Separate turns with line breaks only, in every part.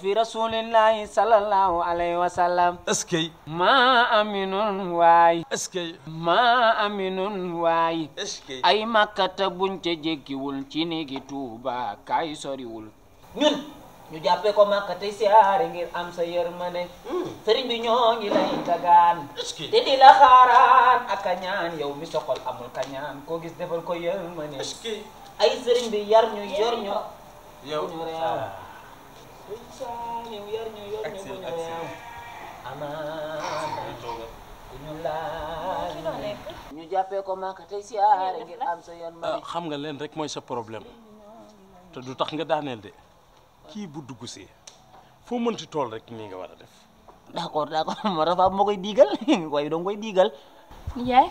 fi rasulillahi sallallahu alayhi wa sallam est-ce que ma aminun waay est ay makkata buñ ca jéggiwul ci néegi tuuba kaay soriwul ñun ñu jàppee ko màkka tey siyaare ngir am sa yërmande hmm. sëriñ bi ñoo ngi lay tagaan te di la xaaraan ak kañaan yow mi soxol amul kañaan koo gis defal ko yërmande ay sëriñ bi yar ñu yor ñu yow ñu jàppee ko maaka tey siyaare ngir ah,
xam nga leen rek mooy sa problème te du tax nga daaneel de kii bu dugg see
foo mënti tool rek nii nga war a def d'accord d'accord ma dafa ma koy diigal waaye doo koy diigal yaay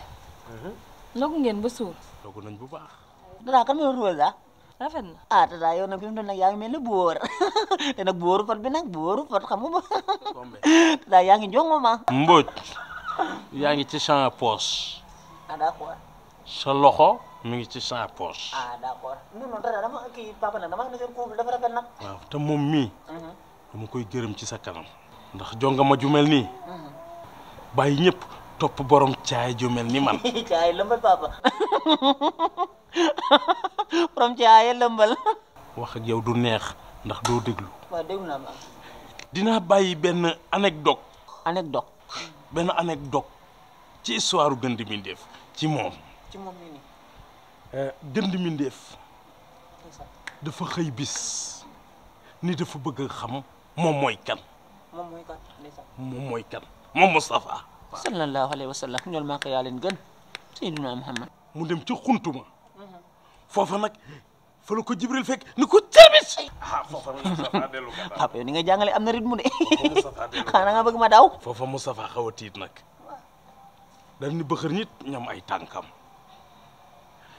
mhm. ndogu ngeen ba suur ndogu nañ bu baax danaa kan ma ruwal ah? rafet na ah te daa mu toll yaa ngi mel ni bu wóor te nag bu wóoru yaa ngi jongo ma
mbóoj yaa ngi ci sama poche ah, sa loxo mu ngi ci sama pos
ah d'accord non non dara
moom mii mhm. koy gërëm ci sa kanam ndax jonga ma ju mel nii mhm. bàyyi topp borom caay ju ni man.
caay lëmbal papa borom caay lëmbal.
wax ak yow du neex ndax doo déglu.
waaw
bàyyi benn anecdote. benn anecdote ci histoire gënd mindeef ci moom. gënd euh, mindeef dafa xëy bis ni dafa bëgg a
xam moom mooy kan. moom mooy kan moom mooy صلى الله عليه وسلم نول يا قيالين گن سيدنا محمد مو دم تي خنتوما فوفا نك فلوكو جبريل فك نكو تيبس ها فوفا مصطفى دلو كاتا امنا ريتمو دي خانا nga بغ ما داو
فوفا مصطفى خاوتيت نك دا بخر نيت نيام اي تانكام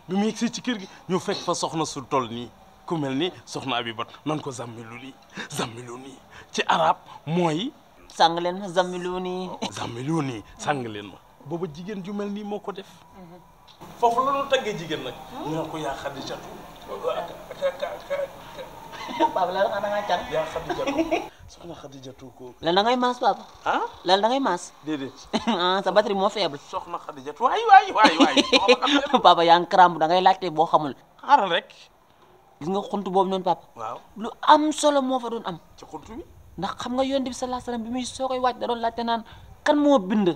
بيمي يكسي تي كيرغي ньо فك فا سخنا سو تول ني كو ملني سخنا ابي بات نانكو زاميلو لي زاميلو ني تي عرب موي sang leen ma zammiluuni. Oh, zammiluuni sang leen ma. booba jigéen ju mel nii moo ko def. Mhm. foofu la doon tàggee jigéen nag. ñoo ko yaa Xadijatu.
papa lan xanaa nga can. yaa Xadijatu.
soxna Xadijatu ko.
lan da ngay maas papa. ah lan da ngay maas. Ah, sa batterie moo faible. soxna Xadijatu waay waay waay waay. papa yaa ngi crampe da ngay laajte boo xamul. xaaral rek. gis nga xunt boobu noonu papa. lu am solo moo fa doon am. ci xunt bi. ndax xam nga yonent bi sallallahu alayhi wasallam bi muy soo koy wàcc da doon laajte naan kan moo bind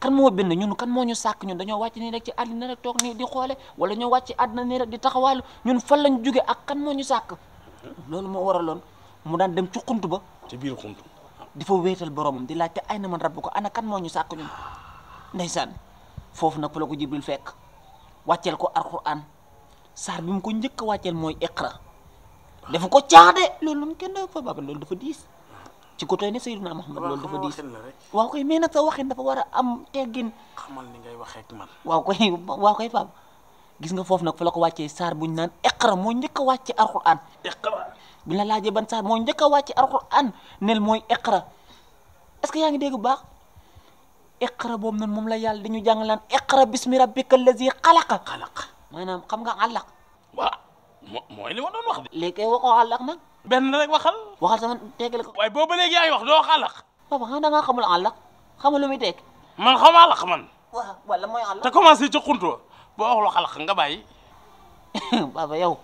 kan moo bind ñun kan moo ñu sàkk ñun dañoo wàcc nii rek ci àddina rek toog nii di xoole wala ñoo wàcc àddina nii rek di taxawaalu ñun fan lañ jóge ak kan moo ñu sàkk loolu moo waraloon mu daan dem ci xunt ba ci biir xunt di fa wéetal boromam di laajte ay na man rabbu ko ana kan moo ñu sàkk ñun ndeysaan foofu nag fa la ko jibril fekk wàcceel ko alquran saar bi mu ko njëkk a wàcceel mooy iqra dafa ko lolou ñu kenn dafa baaba lolou dafa dis ci côté ne Seydina Muhammad lolou dafa dis waaw koy mais sa waxe dafa wara am teggin
xamal ni ngay waxe ak man
waaw koy waaw koy fam gis nga fofu nak fa la ko wacce sar buñ nan iqra mo ñëk wacce alquran iqra bi la laaje ban sar mo ñëk wacce alquran nel moy iqra est-ce yaangi deggu baax iqra bom nan mom la yalla diñu jangalan iqra bismi rabbikal ladzi khalaq khalaq manam xam nga alaq mooy li ma doon wax de. léegi kay waxoo àllaq nag. benn boobu ba léegi yaay wax doo wax àllaq. papa xanaa da ngaa xamul àllaq xamul lu muy man xaw ma àllaq man. waaw wala mooy àllaq. te commencé ci xuntu boo waxul xalaq nga bàyyi. papa yow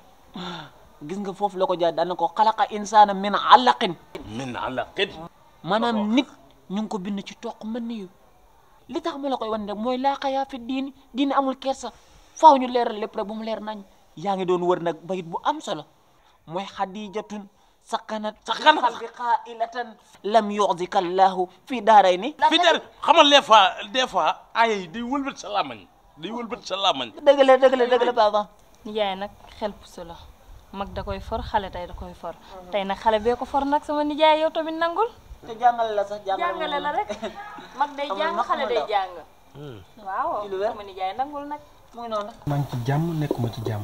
gis nga foofu la ko jaar daan na ko xalaqa insaana min àllaqin.
min àllaqin.
maanaam nit ñu ngi ko bind ci toq mën ni li tax ma la mooy laa xayaa fi diini diini amul kersa faaw ñu leeral lépp rek bu mu leer nañ. yaa ngi doon wër nag bayit bu am solo mooy xadijatun sakanat sakanat bi qailatan lam yuxzika allahu fi daaray ni fi daar xamal les
fois des fois aaya yi day wëlbat sa làmmañ day wëlbat sa làmmañ dëgg
la la dëgg la baba nijaay nag xel puso la mag da koy for xale tey da koy for tey nag xale bee ko for nag sama nijaay yow tamit nangul te jàngale la sax jàngale la rek mag day jàng xale day jàng hmm. waaw mu ngi
maa ngi ci jàmm nekkuma ci jàmm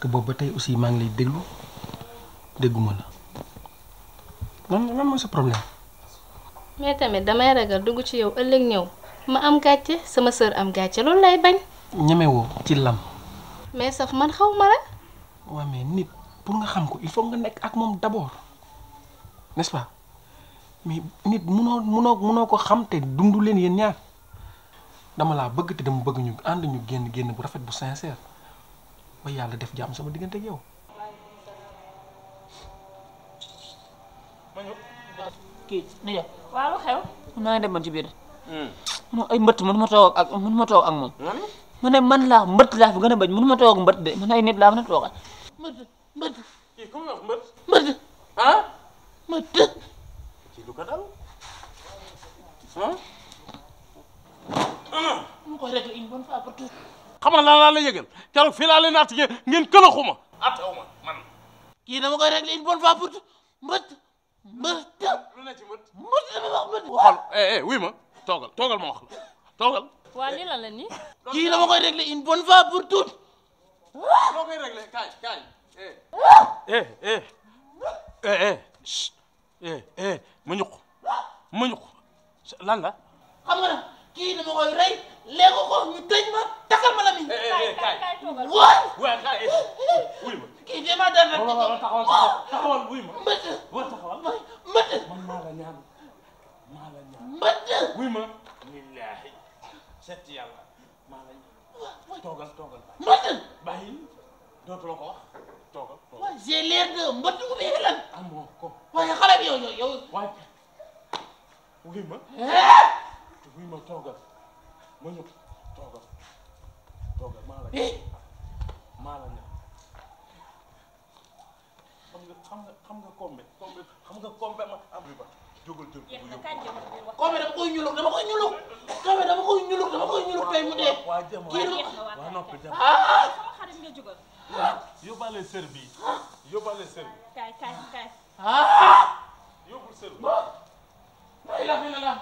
que boobu ba tey aussi maa ngi lay déglu dégguma la lan lan mooy sa problème.
mais tamit damay ragal ci ëllëg ñëw ma am gàcce sama sœur am gàcce lay bañ.
ñemewoo ci lam.
mais saf man xaw ma la. waaw mais nit pour nga xam ko il faut nga nekk ak
moom d'abord n'est-ce mais nit munoo munoo munoo ko xam te dundu leen yéen ñaar. dama la bëgg te dama bëgg ñu and ñu genn genn bu rafet bu
sincère ba yàlla def jàmm sama diggante ak yow. kii ci biir. Hmm. ay mbëtt toog ak toog ak moom. ne man laa mbëtt laa fi gën a bañ toog mbëtt de man ay
ah. mbëtt. xam nga lan laa la yëgal keroog fii laa leen attaqué ngeen këlaxu ma
ma man. kii dama koy réglé une bonne fois pour mbët mbët. lu ne ci mbët mbët dama wax
mbët. xool eh eh wuy ma toogal toogal ma wax la
toogal. la la kii dama koy réglé une bonne fois pour tout. loo koy réglé kaay kaay. eh eh kii dama koy rey léegi ko ñu tëj ma. takkal ma Lamine. kaay kaay kaay toogal. wuy ma. kii bi ma dem rek. taxawal taxawal taxawal
wuy ma. mbët. wala taxawal mbët. man maa la ñaan maa la ñaan. mbët. wuy ma. billahi set yàlla maa la
ñaan.
toogal toogal. mbët. bàyyi dootu la ko wax. toogal toogal. waaw
j'ai l'air de mbët bu bee lan. amoo ko. waaye xale bi yow yow yow. waay
wuy ma. wuy ma toogal ma ñëw toogal. toog ak maa la ñor eh! maa la ñor xam nga xam nga xam nga kombe kombe xam nga kombe ma am ah, bi ba jógal jël ko bu yóbbu kombe dama koy ñuluk dama koy ñuluk kombe dama koy ñuluk dama koy ñuluk tey mu dee kii waa noppi
jam ah! xarit nga jógal
yóbbaale sër bi yóbbaale sër bi
kaay kaay kaay
ah!
yóbbul sër bi la ilaha
illallah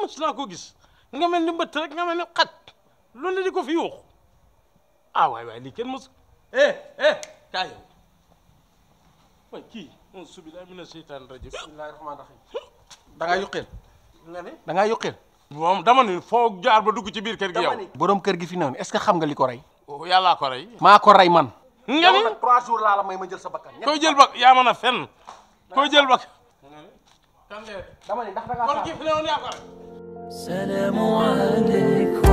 mos naa ko gis nga mel ni mbëtt rek nga mel ni xat loolu la di ko fi ah waay waay lii kenn eh eh kaa yow mooy kii on mina seytaan rajim bismillahi rahmaan rahim da ngaa yuqeel nga ne da ngaa yuqeel moom dama ni foo jaar ba dugg ci biir kër gi yow borom kër gi fi est-ce que xam ko rey oh, yàllaa a fen koy jël bak kan dama dah ndax da ngaa kon ki fi